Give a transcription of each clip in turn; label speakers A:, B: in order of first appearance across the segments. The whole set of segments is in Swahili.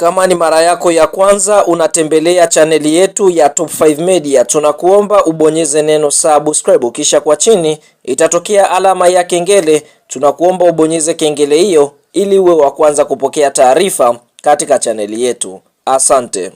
A: Kama ni mara yako ya kwanza unatembelea chaneli yetu ya Top 5 Media, tunakuomba ubonyeze neno subscribe, kisha kwa chini itatokea alama ya kengele. Tunakuomba ubonyeze kengele hiyo ili uwe wa kwanza kupokea taarifa katika chaneli yetu. Asante.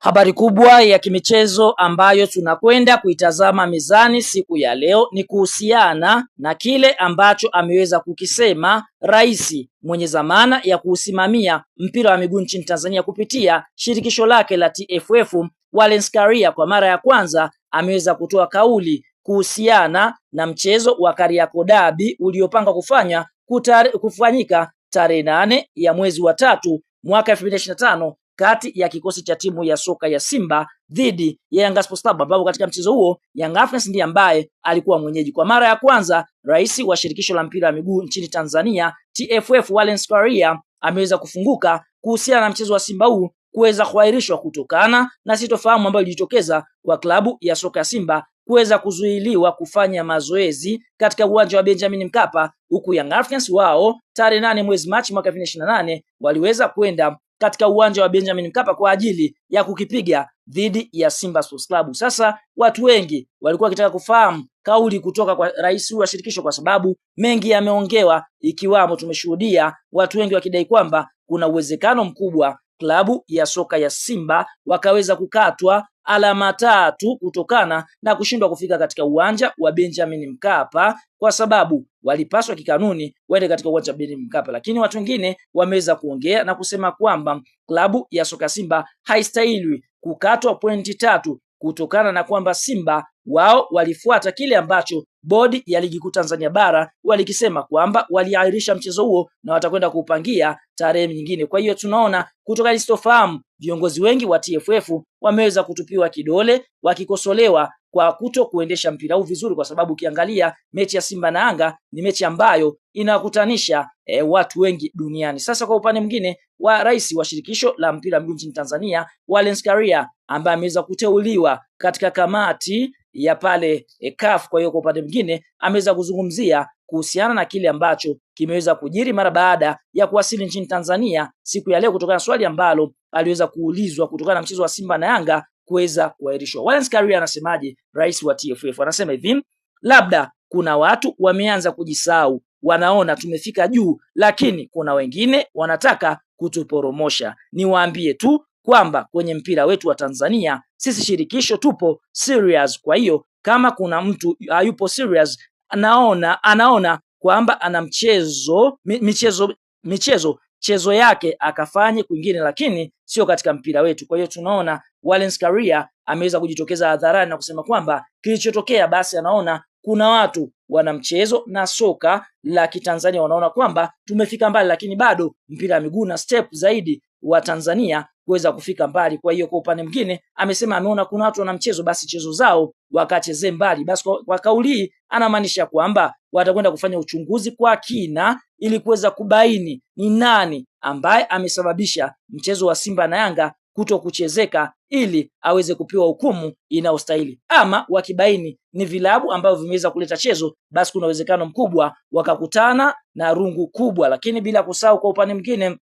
B: Habari kubwa ya kimichezo ambayo tunakwenda kuitazama mezani siku ya leo ni kuhusiana na kile ambacho ameweza kukisema rais mwenye zamana ya kuusimamia mpira wa miguu nchini Tanzania kupitia shirikisho lake la TFF, Wallace Karia. Kwa mara ya kwanza ameweza kutoa kauli kuhusiana na mchezo wa Kariakoo Derby uliopangwa kufanya kutare, kufanyika tarehe nane ya mwezi wa tatu mwaka 2025 kati ya kikosi cha timu ya soka ya Simba dhidi ya Yanga Sports Club, ambapo katika mchezo huo Yanga Africans ndiye ambaye alikuwa mwenyeji. Kwa mara ya kwanza, rais wa shirikisho la mpira wa miguu nchini Tanzania TFF Wallace Karia ameweza kufunguka kuhusiana na mchezo wa Simba huu kuweza kuahirishwa kutokana na sitofahamu ambayo ilijitokeza kwa klabu ya soka ya Simba kuweza kuzuiliwa kufanya mazoezi katika uwanja wa Benjamin Mkapa, huku Young Africans wao tarehe nane mwezi Machi mwaka 2028 waliweza kwenda katika uwanja wa Benjamin Mkapa kwa ajili ya kukipiga dhidi ya Simba Sports Club. Sasa watu wengi walikuwa wakitaka kufahamu kauli kutoka kwa rais wa shirikisho, kwa sababu mengi yameongewa, ikiwamo tumeshuhudia watu wengi wakidai kwamba kuna uwezekano mkubwa klabu ya soka ya Simba wakaweza kukatwa alama tatu kutokana na kushindwa kufika katika uwanja wa Benjamin Mkapa kwa sababu walipaswa kikanuni waende katika uwanja wa Benjamin Mkapa, lakini watu wengine wameweza kuongea na kusema kwamba klabu ya soka Simba haistahili kukatwa pointi tatu kutokana na kwamba Simba wao walifuata kile ambacho bodi ya ligi kuu Tanzania bara walikisema kwamba waliahirisha mchezo huo na watakwenda kuupangia tarehe nyingine. Kwa hiyo tunaona kutoka listofahamu, viongozi wengi wa TFF wameweza kutupiwa kidole wakikosolewa kwa kuto kuendesha mpira huu vizuri, kwa sababu ukiangalia mechi ya Simba na Yanga ni mechi ambayo inawakutanisha e, watu wengi duniani. Sasa kwa upande mwingine wa rais wa shirikisho la mpira miguu nchini Tanzania Wallace Karia ambaye ameweza kuteuliwa katika kamati ya pale e, CAF. Kwa hiyo kwa upande mwingine ameweza kuzungumzia kuhusiana na kile ambacho kimeweza kujiri mara baada ya kuwasili nchini Tanzania siku ya leo, kutokana na swali ambalo aliweza kuulizwa kutokana na mchezo wa Simba na Yanga kuweza kuahirishwa. Wallace Karia anasemaje, rais wa TFF? Anasema hivi, labda kuna watu wameanza kujisahau, wanaona tumefika juu, lakini kuna wengine wanataka kutuporomosha. Niwaambie tu kwamba kwenye mpira wetu wa Tanzania sisi shirikisho tupo serious. Kwa hiyo kama kuna mtu hayupo serious, anaona anaona kwamba ana mchezo michezo michezo michezo yake akafanye kwingine, lakini sio katika mpira wetu. Kwa hiyo tunaona Wallace Karia ameweza kujitokeza hadharani na kusema kwamba kilichotokea basi, anaona kuna watu wana mchezo na soka la Kitanzania wanaona kwamba tumefika mbali, lakini bado mpira wa miguu na step zaidi wa Tanzania kuweza kufika mbali. Kwa hiyo kwa upande mwingine amesema ameona kuna watu wana mchezo, basi chezo zao wakachezee mbali. Basi kwa kauli hii anamaanisha kwamba watakwenda kufanya uchunguzi kwa kina ili kuweza kubaini ni nani ambaye amesababisha mchezo wa Simba na Yanga kuto kuchezeka ili aweze kupewa hukumu inayostahili. Ama wakibaini ni vilabu ambavyo vimeweza kuleta chezo, basi kuna uwezekano mkubwa wakakutana na rungu kubwa, lakini bila kusahau kwa upande mwingine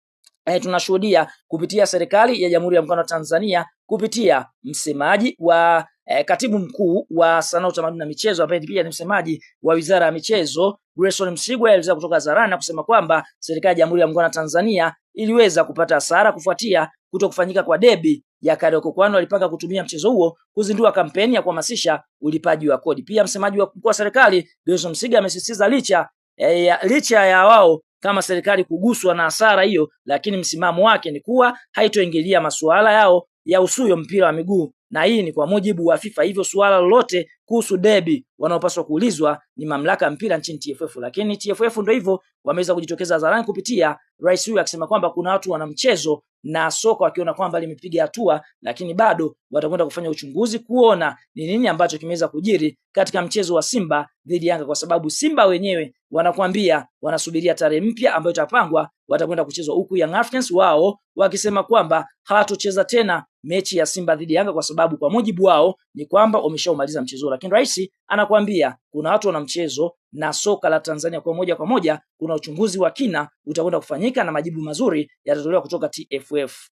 B: eh, tunashuhudia kupitia serikali ya Jamhuri ya Muungano wa Tanzania kupitia msemaji wa eh, katibu mkuu wa sanaa, utamaduni na michezo ambaye pia ni msemaji wa Wizara ya Michezo Grayson Msigwa alieleza kutoka hadharani na kusema kwamba serikali ya Jamhuri ya Muungano wa Tanzania iliweza kupata hasara kufuatia kuto kufanyika kwa debi ya Kariakoo, kwani walipanga kutumia mchezo huo kuzindua kampeni ya kuhamasisha ulipaji wa kodi. Pia msemaji wa mkuu wa serikali Grayson Msigwa amesisitiza licha eh, licha ya wao kama serikali kuguswa na hasara hiyo, lakini msimamo wake ni kuwa haitoingilia masuala yao ya usuyo mpira wa miguu, na hii ni kwa mujibu wa FIFA. Hivyo suala lolote kuhusu debi wanaopaswa kuulizwa ni mamlaka ya mpira nchini TFF, lakini TFF ndio hivyo wameweza kujitokeza hadharani kupitia rais huyu akisema kwamba kuna watu wana mchezo na soka wakiona kwamba limepiga hatua, lakini bado watakwenda kufanya uchunguzi kuona ni nini ambacho kimeweza kujiri katika mchezo wa Simba dhidi Yanga kwa sababu Simba wenyewe wanakwambia wanasubiria tarehe mpya ambayo itapangwa, watakwenda kuchezwa, huku Young Africans wao wakisema kwamba hawatocheza tena mechi ya Simba dhidi Yanga kwa sababu kwa mujibu wao ni kwamba wameshaumaliza mchezo. Lakini rais anakwambia kuna watu wana mchezo na soka la Tanzania kwa moja kwa moja, kuna uchunguzi wa kina utakwenda kufanyika na majibu mazuri yatatolewa kutoka TFF.